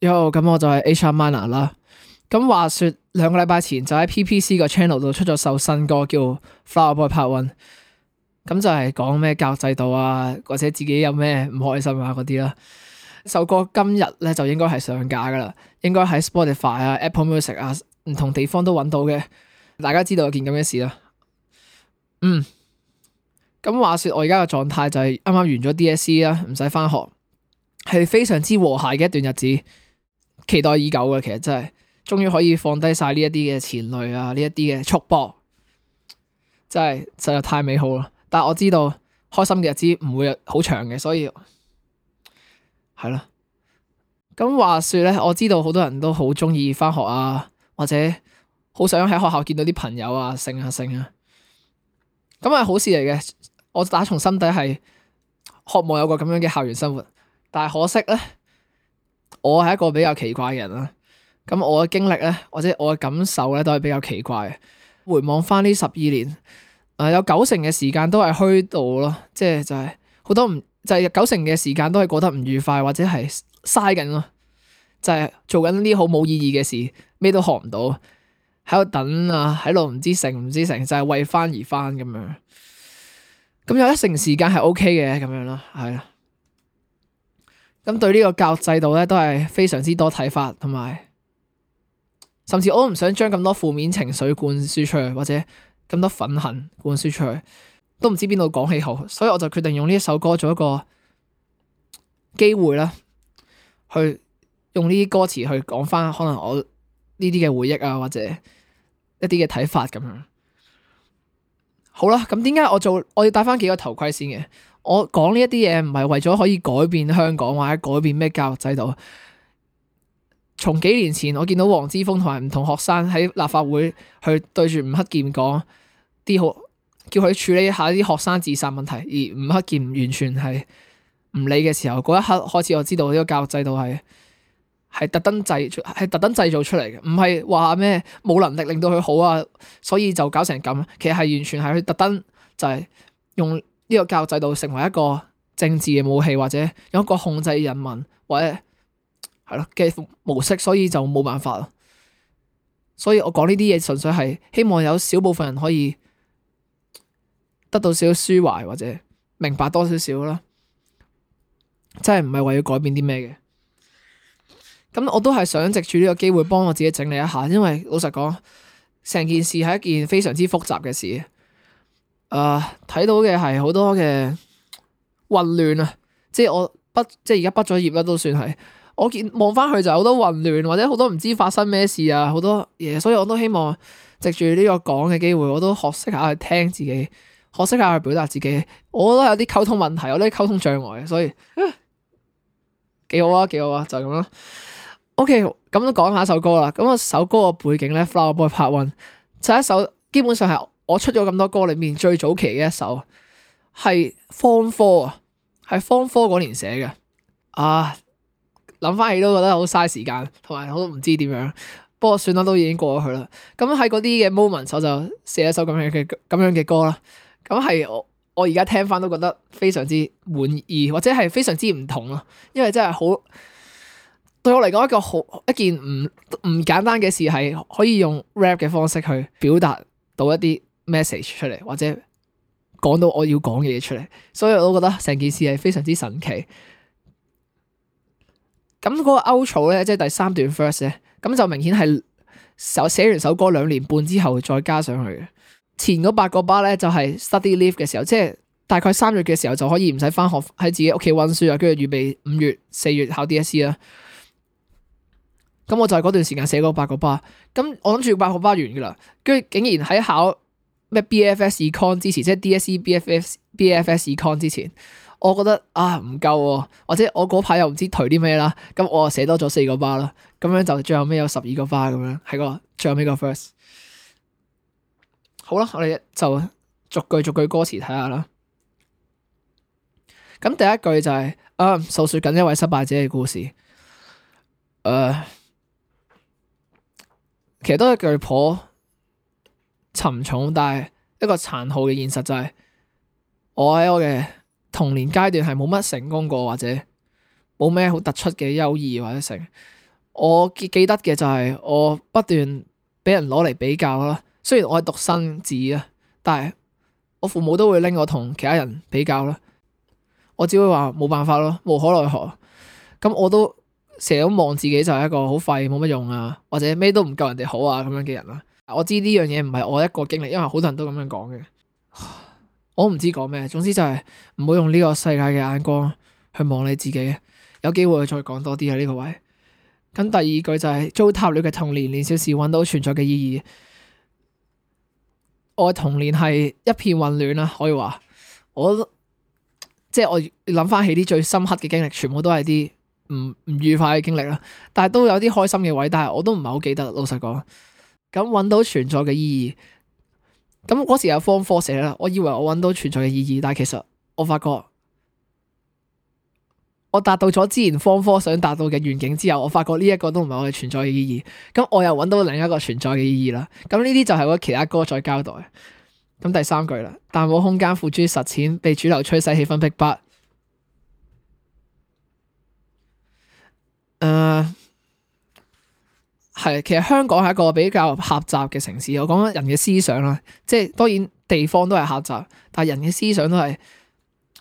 喲，咁我就係 H.R. Miner 啦。咁話說，兩個禮拜前就喺 P.P.C 個 channel 度出咗首新歌叫《Flower Boy Part One》，咁就係講咩教育制度啊，或者自己有咩唔開心啊嗰啲啦。首歌今日咧就應該係上架噶啦，應該喺 Spotify 啊、Apple Music 啊唔同地方都揾到嘅。大家知道有件咁嘅事啦。嗯，咁話說我剛剛，我而家嘅狀態就係啱啱完咗 D.S.C 啦，唔使翻學，係非常之和諧嘅一段日子。期待已久嘅，其實真係，終於可以放低晒呢一啲嘅牽累啊，呢一啲嘅束縛，真係實在太美好啦！但係我知道，開心嘅日子唔會好長嘅，所以係啦。咁話說呢，我知道好多人都好鍾意返學啊，或者好想喺學校見到啲朋友啊，剩啊剩啊。咁係好事嚟嘅，我打從心底係渴望有個咁樣嘅校園生活，但係可惜呢。我係一個比較奇怪嘅人啦，咁我嘅經歷咧，或者我嘅感受咧，都係比較奇怪。回望翻呢十二年，誒、呃、有九成嘅時間都係虛度咯，即係就係好多唔就係、是、九成嘅時間都係過得唔愉快或者係嘥緊咯，就係、是、做緊啲好冇意義嘅事，咩都學唔到，喺度等啊，喺度唔知成唔知成，就係、是、為翻而翻咁樣。咁有一成時間係 O K 嘅咁樣啦，係啦。咁對呢個教育制度咧，都係非常之多睇法，同埋，甚至我都唔想將咁多負面情緒灌輸出去，或者咁多憤恨灌輸出去，都唔知邊度講起好，所以我就決定用呢一首歌做一個機會啦，去用呢啲歌詞去講翻可能我呢啲嘅回憶啊，或者一啲嘅睇法咁樣。好啦，咁點解我做我要戴翻幾個頭盔先嘅？我講呢一啲嘢，唔係為咗可以改變香港或者改變咩教育制度。從幾年前我見到黃之鋒同埋唔同學生喺立法會去對住吳克儉講啲好，叫佢處理一下啲學生自殺問題，而吳克儉完全係唔理嘅時候，嗰一刻開始我知道呢個教育制度係係特登製，係特登製造出嚟嘅，唔係話咩冇能力令到佢好啊，所以就搞成咁。其實係完全係佢特登就係用。呢個教育制度成為一個政治嘅武器，或者有一個控制人民或者係咯嘅模式，所以就冇辦法啦。所以我講呢啲嘢，純粹係希望有少部分人可以得到少少抒懷，或者明白多少少啦。真係唔係為咗要改變啲咩嘅。咁我都係想藉住呢個機會幫我自己整理一下，因為老實講，成件事係一件非常之複雜嘅事。睇、uh, 到嘅係好多嘅混亂啊！即係我畢，即係而家畢咗業啦，都算係。我見望翻去就好多混亂，或者好多唔知發生咩事啊，好多嘢。Yeah, 所以我都希望藉住呢個講嘅機會，我都學識下去聽自己，學識下去表達自己。我覺得有啲溝通問題，有啲溝通障礙，所以幾好啊，幾好啊，就係咁啦。OK，咁都講下首歌啦。咁啊，首歌嘅背景咧，Flower Boy Part One，就係、一首基本上係。我出咗咁多歌，裏面最早期嘅一首係 Form 4啊，係 Form 4嗰年寫嘅。啊，諗翻起都覺得好嘥時間，同埋我都唔知點樣。不過算啦，都已經過咗去啦。咁喺嗰啲嘅 moment，我就寫一首咁樣嘅咁樣嘅歌啦。咁係我我而家聽翻都覺得非常之滿意，或者係非常之唔同咯。因為真係好對我嚟講，一個好一件唔唔簡單嘅事，係可以用 rap 嘅方式去表達到一啲。message 出嚟或者講到我要講嘅嘢出嚟，所以我都覺得成件事係非常之神奇。咁嗰個 outro 咧，即係第三段 verse 咧，咁就明顯係手寫完首歌兩年半之後再加上去嘅。前嗰八個巴咧就係、是、study leave 嘅時候，即係大概三月嘅時候就可以唔使返學喺自己屋企溫書啊，跟住預備五月四月考 DSE 啦。咁我就係嗰段時間寫嗰八個巴，咁我諗住八個巴完噶啦，跟住竟然喺考。咩 BFS econ 之前，即係 DSE BFS BFS econ 之前，我覺得啊唔夠、啊，或者我嗰排又唔知頹啲咩啦，咁我就寫多咗四個 bar 啦，咁樣就最後尾有十二個 bar 咁樣，係個最後尾個 first。好啦，我哋就逐句逐句歌詞睇下啦。咁第一句就係、是、啊，訴、嗯、說緊一位失敗者嘅故事。誒、呃，其實都係句破。沉重，但係一個殘酷嘅現實就係，我喺我嘅童年階段係冇乜成功過或者冇咩好突出嘅優異或者成，我記得嘅就係我不斷俾人攞嚟比較啦。雖然我係獨生子啊，但係我父母都會拎我同其他人比較啦。我只會話冇辦法咯，無可奈何。咁我都成日都望自己就係一個好廢，冇乜用啊，或者咩都唔夠人哋好啊咁樣嘅人啦。我知呢樣嘢唔係我一個經歷，因為好多人都咁樣講嘅，我唔知講咩。總之就係唔好用呢個世界嘅眼光去望你自己。有機會再講多啲喺呢個位。咁第二句就係糟蹋了嘅童年，年少時揾到存在嘅意義。我嘅童年係一片混亂啦，可以話我即係我諗翻起啲最深刻嘅經歷，全部都係啲唔唔愉快嘅經歷啦。但係都有啲開心嘅位，但係我都唔係好記得。老實講。咁搵、嗯、到存在嘅意義，咁、嗯、嗰時有方科寫啦，我以為我搵到存在嘅意義，但係其實我發覺，我達到咗之前方科想達到嘅願景之後，我發覺呢一個都唔係我嘅存在嘅意義，咁、嗯、我又搵到另一個存在嘅意義啦，咁呢啲就係我其他歌再交代。咁、嗯、第三句啦，但冇空間付諸實踐，被主流驅使氣氛逼迫，迫，迫。誒、呃。係，其實香港係一個比較狹窄嘅城市。我講人嘅思想啦，即係當然地方都係狹窄，但係人嘅思想都係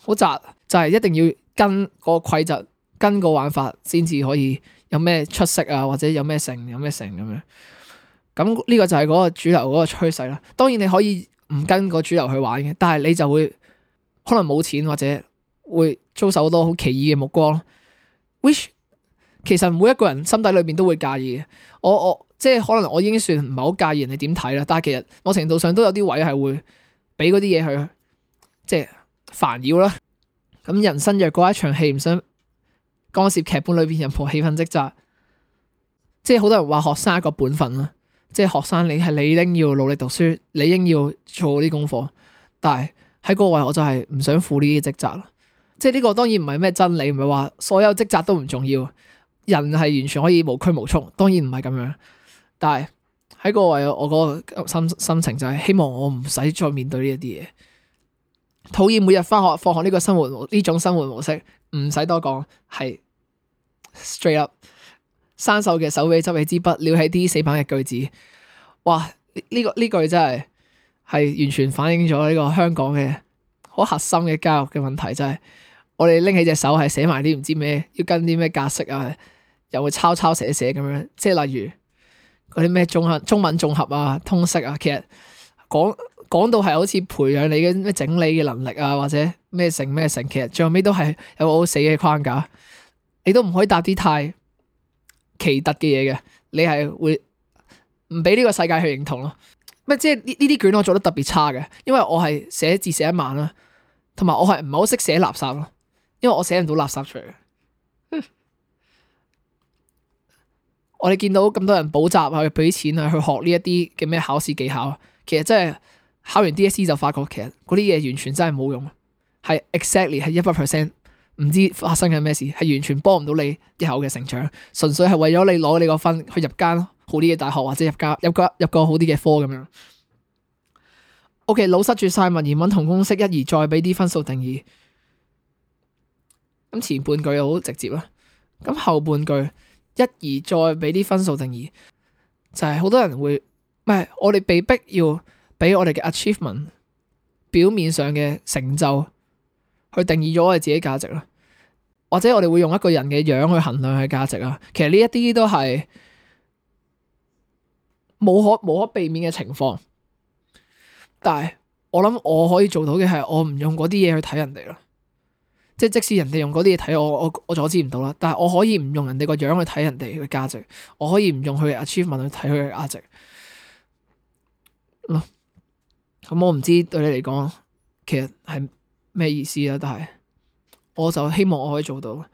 好窄，就係一定要跟個規則、跟個玩法，先至可以有咩出色啊，或者有咩成、有咩成咁樣。咁呢個就係嗰個主流嗰個趨勢啦。當然你可以唔跟個主流去玩嘅，但係你就會可能冇錢或者會遭受好多好奇異嘅目光。Which 其實每一個人心底裏面都會介意嘅，我我即係可能我已經算唔係好介意人哋點睇啦，但係其實某程度上都有啲位係會俾嗰啲嘢去即係煩擾啦。咁、嗯、人生若過一場戲，唔想干涉劇本裏邊任何氣氛職責，即係好多人話學生一個本分啦，即係學生你係理應要努力讀書，理應要做啲功課。但係喺嗰位我就係唔想負呢啲職責啦，即係呢個當然唔係咩真理，唔係話所有職責都唔重要。人係完全可以無拘無束，當然唔係咁樣。但係喺個位我個心心情，就係希望我唔使再面對呢一啲嘢，討厭每日返學、放學呢個生活、呢種生活模式。唔使多講，係 straight up 生鏽嘅手臂，執起支筆，撩起啲死板嘅句子。哇！呢個呢句真係係完全反映咗呢個香港嘅好核心嘅教育嘅問題，真係，我哋拎起隻手係寫埋啲唔知咩，要跟啲咩格式啊？又會抄抄寫寫咁樣，即係例如嗰啲咩綜合中文綜合啊、通識啊，其實講講到係好似培養你嘅咩整理嘅能力啊，或者咩成咩成，其實最後尾都係有個好死嘅框架，你都唔可以搭啲太奇特嘅嘢嘅，你係會唔俾呢個世界去認同咯。咩即係呢呢啲卷我做得特別差嘅，因為我係寫字寫得慢啦，同埋我係唔係好識寫垃圾咯，因為我寫唔到垃圾出嚟。我哋見到咁多人補習啊，去俾錢啊，去學呢一啲嘅咩考試技巧，其實真係考完 DSE 就發覺，其實嗰啲嘢完全真係冇用，係 exactly 係一百 percent，唔知發生緊咩事，係完全幫唔到你日後嘅成長，純粹係為咗你攞你個分去入間好啲嘅大學或者入間入，入個入個好啲嘅科咁樣。O.K. 老濕住晒文言文同公式，一而再俾啲分數定義。咁前半句好直接啦，咁後半句。一而再俾啲分數定義，就係好多人會，唔係我哋被逼要俾我哋嘅 achievement，表面上嘅成就去定義咗我哋自己價值啦，或者我哋會用一個人嘅樣去衡量佢價值啦。其實呢一啲都係冇可冇可避免嘅情況，但係我諗我可以做到嘅係，我唔用嗰啲嘢去睇人哋啦。即即使人哋用嗰啲嘢睇我，我我阻止唔到啦。但係我可以唔用人哋個樣去睇人哋嘅價值，我可以唔用佢嘅 achievement 去睇佢嘅價值咯。咁、嗯嗯嗯嗯、我唔知對你嚟講，其實係咩意思啦？但係，我就希望我可以做到。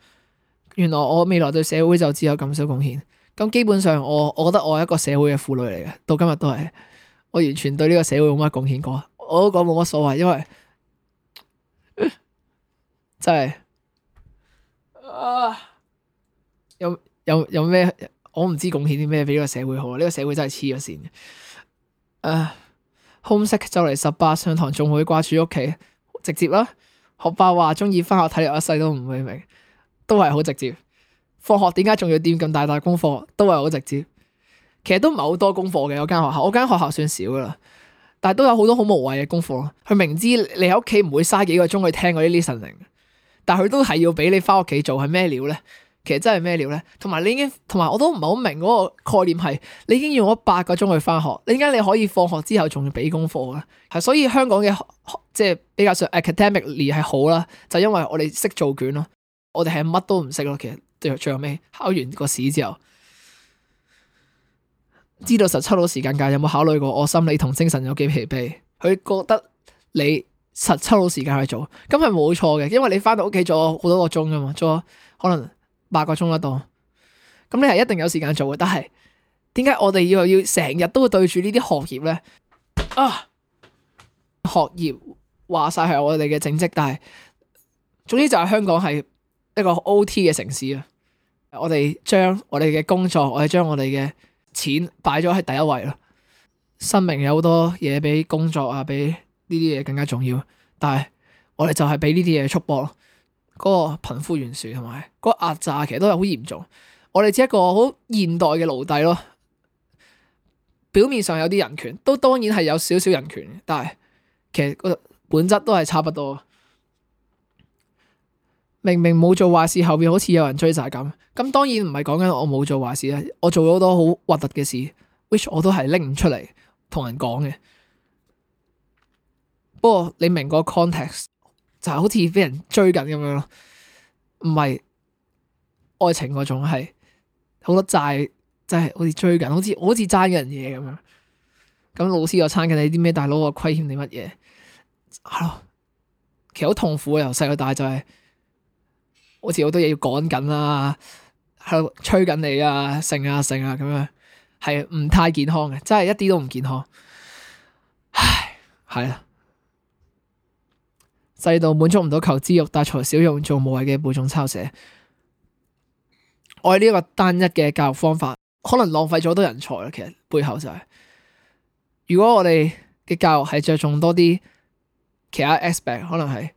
原來我未來對社會就只有咁少貢獻。咁、嗯嗯嗯嗯、基本上我，我我覺得我係一個社會嘅負累嚟嘅，到今日都係我完全對呢個社會冇乜貢獻過。我都講冇乜所謂，因為。真係，啊，有有有咩？我唔知貢獻啲咩俾呢個社會好啊！呢個社會真係黐咗線嘅。啊，homesick 就嚟十八，上堂仲會掛住屋企，直接啦。學霸話中意返學睇，我一世都唔會明，明都係好直接。放學點解仲要掂咁大大功課？都係好直接。其實都唔係好多功課嘅嗰間學校，我間學校算少啦。但係都有好多好無謂嘅功課咯。佢明知你喺屋企唔會嘥幾個鐘去聽嗰啲 listening 但佢都係要畀你翻屋企做，係咩料呢？其實真係咩料呢？同埋你已經，同埋我都唔係好明嗰個概念係，你已經用咗八個鐘去翻學，你點解你可以放學之後仲要畀功課咧？係所以香港嘅即係比較上 academically 係好啦，就因為我哋識做卷咯，我哋係乜都唔識咯。其實最最後尾考完個試之後，知道十七度時間界有冇考慮過我心理同精神有幾疲憊？佢覺得你。實抽到時間去做，咁係冇錯嘅，因為你返到屋企做好多個鐘噶嘛，做可能八個鐘一度，咁你係一定有時間做嘅。但係點解我哋要要成日都會對住呢啲學業呢？啊，學業話晒係我哋嘅正職，但係，總之就係香港係一個 OT 嘅城市啊！我哋將我哋嘅工作，我哋將我哋嘅錢擺咗喺第一位咯，生命有好多嘢俾工作啊，俾。呢啲嘢更加重要，但係我哋就係俾呢啲嘢束縛咯。嗰個貧富懸殊同埋嗰個壓榨，其實都係好嚴重。我哋只係一個好現代嘅奴隸咯。表面上有啲人權，都當然係有少少人權，但係其實個本質都係差不多。明明冇做壞事，後邊好似有人追債咁。咁當然唔係講緊我冇做壞事啦，我做咗好多好核突嘅事，which 我都係拎唔出嚟同人講嘅。不過你明個 context 就係好似俾人追緊咁樣咯，唔係愛情嗰種，係好多債真係好似追緊，好似好似爭緊嘢咁樣。咁老師又爭緊你啲咩？大佬又虧欠你乜嘢？係咯，其實好痛苦。由細到大就係、是、好似好多嘢要趕緊啦，喺度催緊你啊，剩啊剩啊咁樣，係唔太健康嘅，真係一啲都唔健康。唉，係啊。制度滿足唔到求知欲，大材小用，做無謂嘅背誦抄寫。我哋呢個單一嘅教育方法，可能浪費咗好多人才，其實背後就係，如果我哋嘅教育係着重多啲其他 aspect，可能係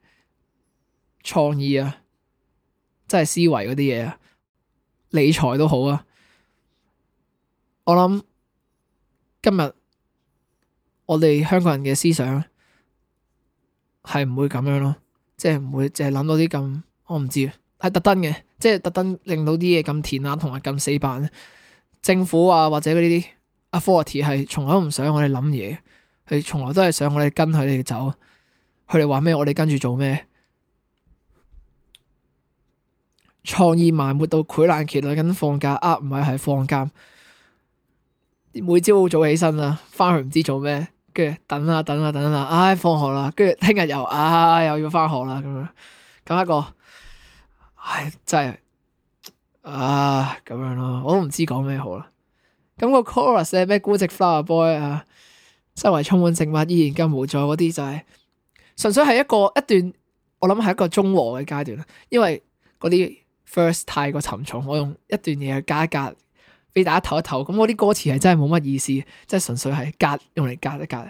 創意啊，即係思維嗰啲嘢啊，理財都好啊。我諗今日我哋香港人嘅思想。係唔會咁樣咯，即係唔會，淨係諗到啲咁，我唔知，係特登嘅，即係特登令到啲嘢咁甜啊，同埋咁死板。政府啊，或者嗰啲 authority 係從來都唔想我哋諗嘢，佢從來都係想我哋跟佢哋走。佢哋話咩，我哋跟住做咩？創意埋沒到潰爛期，諗緊放假啊，唔係係放假。啊、放每朝早，早起身啦，翻去唔知做咩。跟住等啊等啊等啊，唉、啊哎，放學啦！跟住聽日又唉、啊，又要翻學啦咁樣，咁一個唉真係啊咁樣咯，我都唔知講咩好啦。咁、那個 chorus 咧咩孤寂 flower boy 啊，周圍充滿靜物依然跟無咗、就是。嗰啲就係純粹係一個一段，我諗係一個中和嘅階段，因為嗰啲 verse 太過沉重，我用一段嘢去加一格。俾大家唞一唞，咁我啲歌詞係真係冇乜意思，即係純粹係夾，用嚟夾一夾。